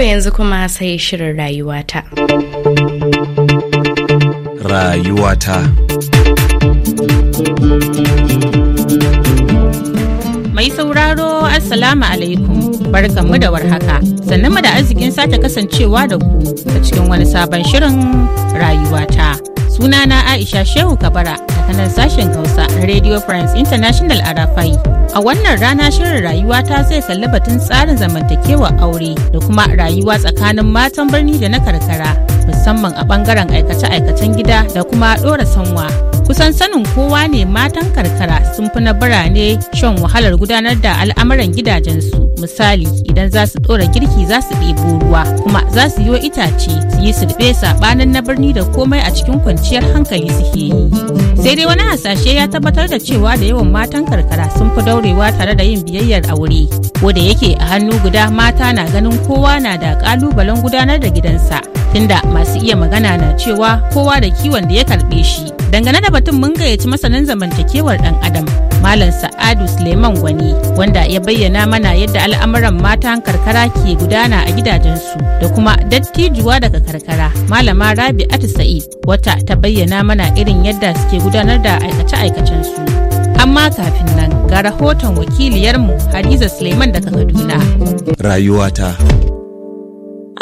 To yanzu kuma sai shirin rayuwata. Rayuwata. Mai sauraro Assalamu alaikum barkanmu da warhaka sannan mu da arzikin sake kasancewa da ku a cikin wani sabon shirin rayuwata. Sunana Aisha Shehu Kabara da kanar sashen Hausa na Radio France International a Rafai. A wannan rana shirin rayuwa ta zai kalli batun tsarin zamantakewa aure da kuma rayuwa tsakanin matan birni da na karkara musamman a ɓangaren aikace-aikacen gida da kuma ɗora sanwa. kusan sanin kowa ne matan karkara sun fi na birane shan wahalar gudanar da al'amuran gidajensu misali idan za su ɗora girki za su ɗebo ruwa kuma za su yi wa itace su yi surɓe saɓanin na birni da komai a cikin kwanciyar hankali suke yi sai dai wani hasashe ya tabbatar da cewa da yawan matan karkara sun fi daurewa tare da yin biyayyar aure ko da yake a hannu guda mata na ganin kowa na da ƙalubalen gudanar da gidansa tunda masu iya magana na cewa kowa da kiwon da ya karɓe shi Dangane da batun mun gayyaci masanin zamantakewar ɗan adam Malam Sa'adu Suleiman Gwani wanda ya bayyana mana yadda al'amuran matan karkara ke gudana a gidajensu da kuma dattijuwa daga karkara Malama Rabi'atu Sa'id wata ta bayyana mana irin yadda suke gudanar da aikace-aikacensu. Amma kafin nan ga rahoton wakiliyarmu Hadiza Suleiman daga Kaduna. Rayuwata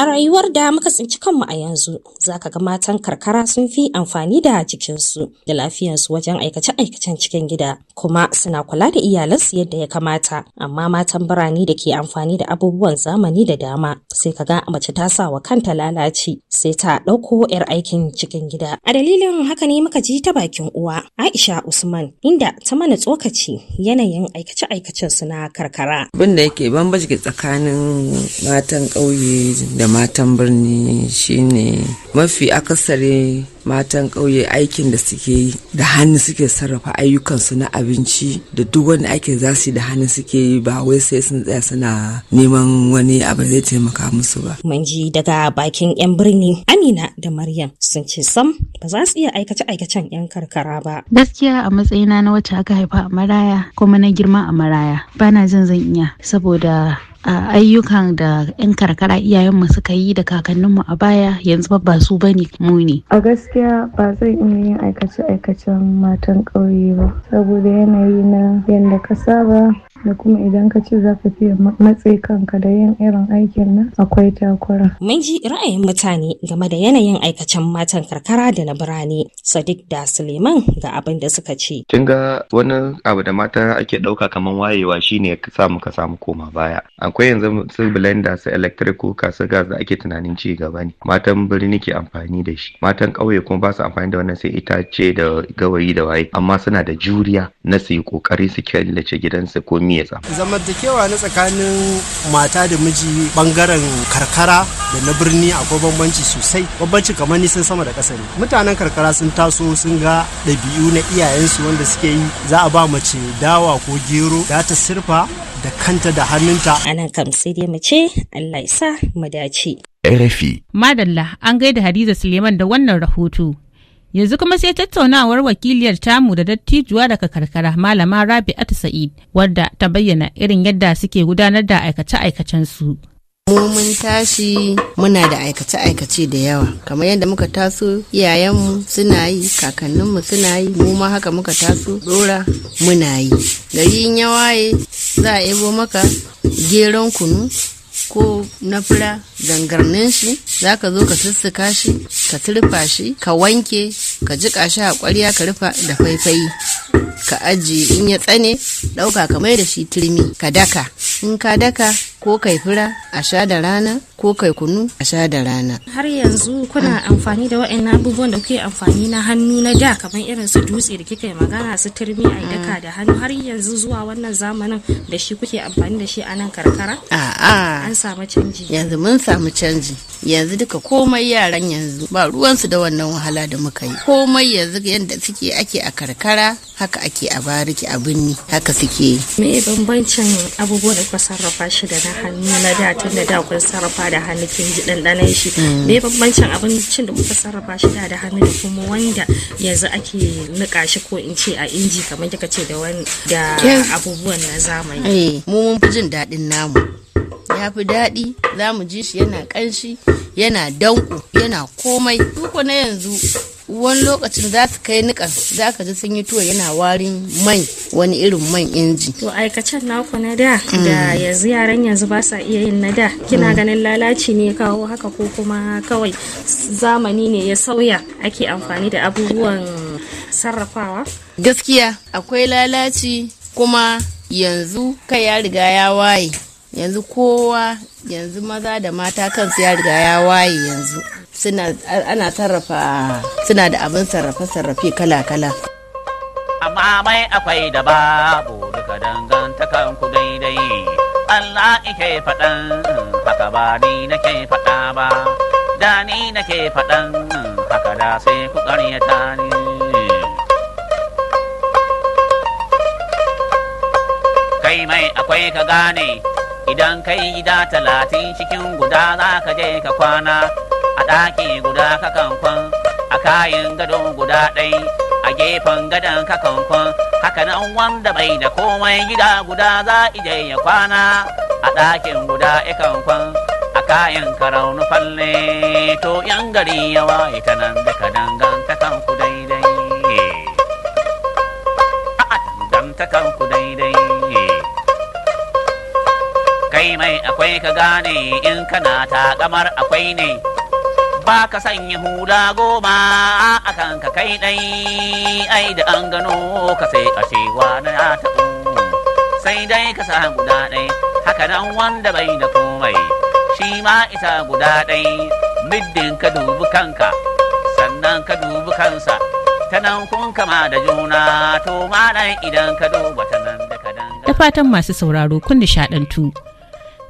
A rayuwar da muka tsinci kanmu a yanzu, za ka ga matan karkara sun fi amfani da jikinsu da lafiyarsu wajen aikace-aikacen cikin gida. kuma suna kula da iyalansu yadda ya kamata amma matan birane da ke amfani da abubuwan zamani da dama sai ka ga mace ta sa wa kanta lalaci sai ta ɗauko 'yar aikin cikin gida a dalilin haka ne muka ji ta bakin uwa Aisha Usman inda ta mana tsokaci yanayin aikace-aikacen su na karkara abin yake bambaci tsakanin matan ƙauye da matan birni shine mafi akasari matan ƙauye aikin da suke yi da hannu suke sarrafa ayyukansu na abinci da duk wani aikin za su yi da hannu suke yi ba wai sai sun tsaya suna neman wani abu zai taimaka musu ba. manji daga bakin 'yan birni Amina da Maryam sun ce sam ba za su iya aikace-aikacen 'yan karkara ba. Gaskiya a matsayina na wacce aka haifa a maraya kuma na girma a maraya bana jin zan iya saboda A ayyukan da 'yan karkara iyayenmu suka yi da kakanninmu a baya yanzu ba su ba ne mu ne. A gaskiya ba zan iya yin aikace-aikacen matan ƙauye ba saboda yanayi na yadda ka saba da kuma idan ka ce za ka fiye matse kanka da yin irin aikin nan akwai takura. Mun ji ra'ayin mutane game da yanayin aikacen matan karkara da na birane Sadiq da Suleiman ga abin da suka ce. Kin ga wani abu da mata ake ɗauka kamar wayewa shine ka samu ka samu koma baya. Akwai yanzu su blender su electric cooker su gas da ake tunanin ci gaba ne. Matan birni ke amfani da shi. Matan ƙauye kuma ba su amfani da wannan sai itace da gawayi da waye amma suna da juriya na su yi ƙoƙari su killace gidansu ko nesa. Zamantakewa na tsakanin mata da miji bangaren karkara da na birni akwai bambanci sosai bambanci kamar nisan sama da ƙasa ne mutanen karkara sun taso sun ga ɗabi'u na iyayensu wanda suke yi za a ba mace dawa ko gero da ta sirfa da kanta da hannunta anan kam sai dai mace Allah ya sa mu dace Madalla an gaida Hadiza Suleiman da wannan rahoto Yanzu kuma sai tattaunawar wakiliyar tamu da dattijuwa daga karkara malama Rabi'atu Sa'id wadda ta bayyana irin yadda suke gudanar da aikace-aikacen su. mu mun tashi muna da aikace-aikace da yawa kamar yadda muka taso iyayenmu suna yi kakanninmu suna yi mu ma haka muka taso dora muna yi gari yawa za a ebo maka geron kunu ko na fura zangarnin shi za ka zo ka sussuka shi ka turfa shi ka wanke ka jiƙa shi a ƙwarya ka rufa da faifai, ka ajiye in ya tsane ɗauka ka mai da shi turmi ka daka in ka daka ko kai fura a sha da rana ko kai kunu a sha da rana. Har yanzu kuna amfani da waɗannan abubuwan da kuke amfani na hannu na da kamar irin su dutse da kika yi magana su turmi a daka da hannu har yanzu zuwa wannan zamanin da shi kuke amfani da shi a nan karkara? A'a. An samu canji. Yanzu mun samu canji. Yanzu duka komai yaran yanzu ba ruwansu da wannan wahala da muka yi. Komai yanzu yadda suke ake a karkara haka ake a bariki a binni haka suke. Me bambancin abubuwan da kuka sarrafa shi da na hannu na da tun da da kun sarrafa da hannu kin ji ɗanɗanan shi me bambancin abincin da kuka sarrafa shi da hannu da kuma wanda yanzu ake nika shi ko in ce a inji kamar kika ce da wani. da abubuwan na zamani eh. mu mun fi jin daɗin namu ya fi daɗi za mu ji shi yana ƙanshi yana danko yana komai duk na yanzu wani lokacin za su kai nikan za ka ji sun yi tuwo yana warin mai wani irin man inji to aikacen naku na da mm. da yanzu yaran yanzu ba sa iya yin na da kina mm. ganin lalaci ne kawo haka ko kuma kawai zamani ne ya sauya ake amfani da abubuwan sarrafawa gaskiya akwai lalaci kuma yanzu kai ya riga ya waye yanzu kowa yanzu maza da mata kan ya riga ya waye yanzu suna ana sarrafa suna da abin sarrafe sarrafe kala kala amma mai akwai da babu duka dangantakan ku daidai Allah ike faɗan haka ba ni nake faɗa ba da ni nake faɗan haka da sai ku ƙaryata ni kai mai akwai ka gane idan kai gida talatin cikin guda za ka je ka kwana a ɗaki guda ka kankwan a kayan gado guda ɗai a gefen gadon ka kankwan haka nan wanda bai da komai gida guda za ije ya kwana a ɗakin guda ya kankwan a kayan karaunu falle to yan gari ya waye ta nan da ka ta kanku daidai kai mai akwai ka gane in kana takamar akwai ne ba ka sanya hula goma a kan ka kai ɗai ai da an gano ka sai a cewa na ya taɓo sai dai ka sa guda ɗai haka nan wanda bai da komai shi ma isa guda ɗai middin ka dubi kanka sannan ka dubi kansa ta nan kun kama da juna to ma idan ka duba ta nan da ka da fatan masu sauraro kun nishaɗantu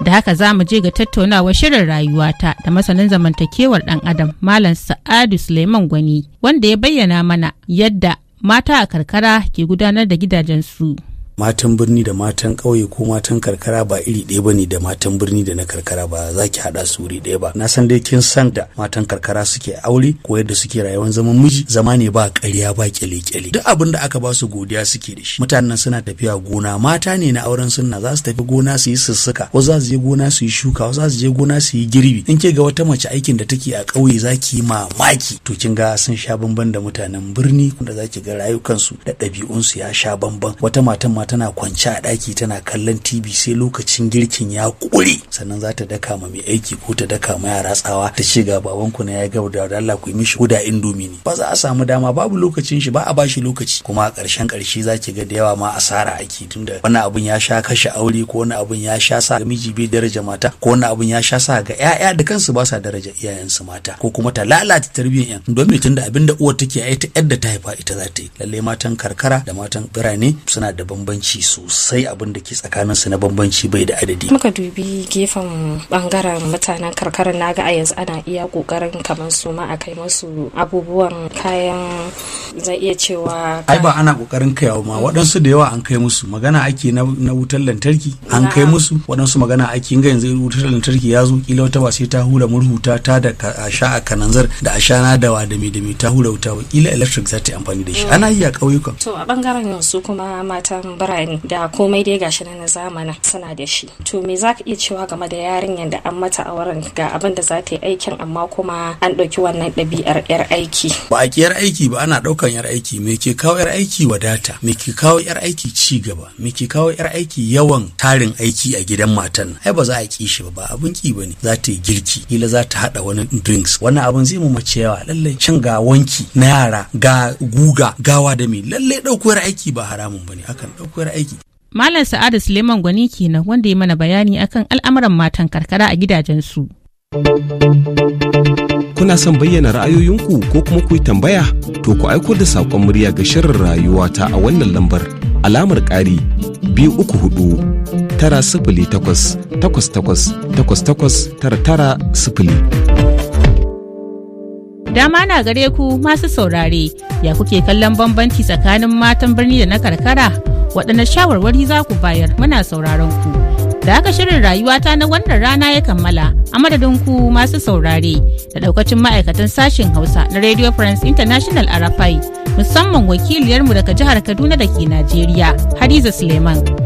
Da haka za mu je ga tattaunawar shirin rayuwata da masanin zamantakewar ɗan adam Malam Sa'adu Suleiman Gwani wanda ya bayyana mana yadda mata a karkara ke gudanar da gidajensu. matan birni da matan ƙauye ko matan karkara ba iri ɗaya ba ne da matan birni da na karkara ba za ki haɗa su wuri ɗaya ba na san dai kin san da matan karkara suke aure ko yadda suke rayuwar zaman miji zama ne ba ƙarya ba ƙyale-ƙyale. duk abin da aka ba su godiya suke da shi mutanen suna tafiya gona mata ne na auren sunna za su tafi gona su yi sussuka wasu za su je gona su yi shuka wasu za su je gona su yi girbi in ke ga wata mace aikin da take a ƙauye za ki yi mamaki to kin ga sun sha bamban da mutanen birni da za ki ga rayukansu da ɗabi'unsu ya sha bamban wata matan tana kwance a daki. tana kallon tv sai lokacin girkin ya ƙure sannan za ta daka ma mai aiki ko ta daka ma yara tsawa ta ce ga babanku na ya gaba da Allah ku yi mishi huda indomi ne ba za a samu dama babu lokacin shi ba a bashi lokaci kuma a ƙarshen ƙarshe za ki ga da yawa ma asara ake tunda wani abun ya sha kashe aure ko wani abun ya sha sa ga miji bai daraja mata ko wani abun ya sha sa ga ƴaƴa da kansu ba sa daraja iyayensu mata ko kuma ta lalata tarbiyyar ƴan don me tunda abinda uwar take ai ta yadda ta haifa ita za ta yi lallai matan karkara da matan birane suna da bambanci bambanci sosai abin da ke su na bambanci bai da adadi muka dubi gefen bangaren mutanen karkarar naga a yanzu ana iya kokarin kamar su ma a kai musu abubuwan kayan zai iya cewa ai ba ana kokarin kai ma waɗansu da yawa an kai musu magana ake na wutar lantarki an kai musu waɗansu magana ake ga yanzu wutar lantarki ya zo kila wata ba sai ta hula murhuta ta da asha a kananzar da na da wa da mai ta hula wuta ba kila electric za ta yi amfani da shi mm. ana iya ƙauyuka to a bangaren yanzu kuma matan fura da komai dai gashi na zamana suna da shi to me zaka iya cewa game da yarinyar da an mata auren ga abin da za ta yi aikin amma kuma an ɗauki wannan ɗabi'ar yar aiki ba a yar aiki ba ana ɗaukan yar aiki me ke kawo yar aiki wadata me ke kawo yar aiki ci gaba me ke kawo yar aiki yawan tarin aiki a gidan matan ai ba za a ki shi ba ba abin ki bane za ta yi girki kila za ta haɗa wani drinks Wannan abin zai mu mace yawa lallai cin ga wanki na yara ga guga gawa da me lallai ɗaukuwar aiki ba haramun bane akan ɗauka koyar aiki Malam Sa'adu Suleiman Gwani kenan wanda ya mana bayani akan al'amuran matan karkara a gidajensu. Kuna son bayyana ra'ayoyinku ko kuma ku tambaya? To ku aiko da saƙon murya ga shirin rayuwa ta a wannan lambar alamar ƙari biyu uku hudu tara sifili takwas takwas takwas takwas takwas tara tara sifili. Dama na gare ku masu saurare, ya kuke kallon bambanci tsakanin matan birni da na karkara? Waɗanne shawarwari za ku bayar muna sauraron ku. Da haka shirin rayuwata na wannan rana ya kammala a madadin ku masu saurare da ɗaukacin ma'aikatan sashen Hausa na Radio France International Arafai musamman wakiliyarmu daga jihar Kaduna da ke Najeriya, Hadiza Suleiman.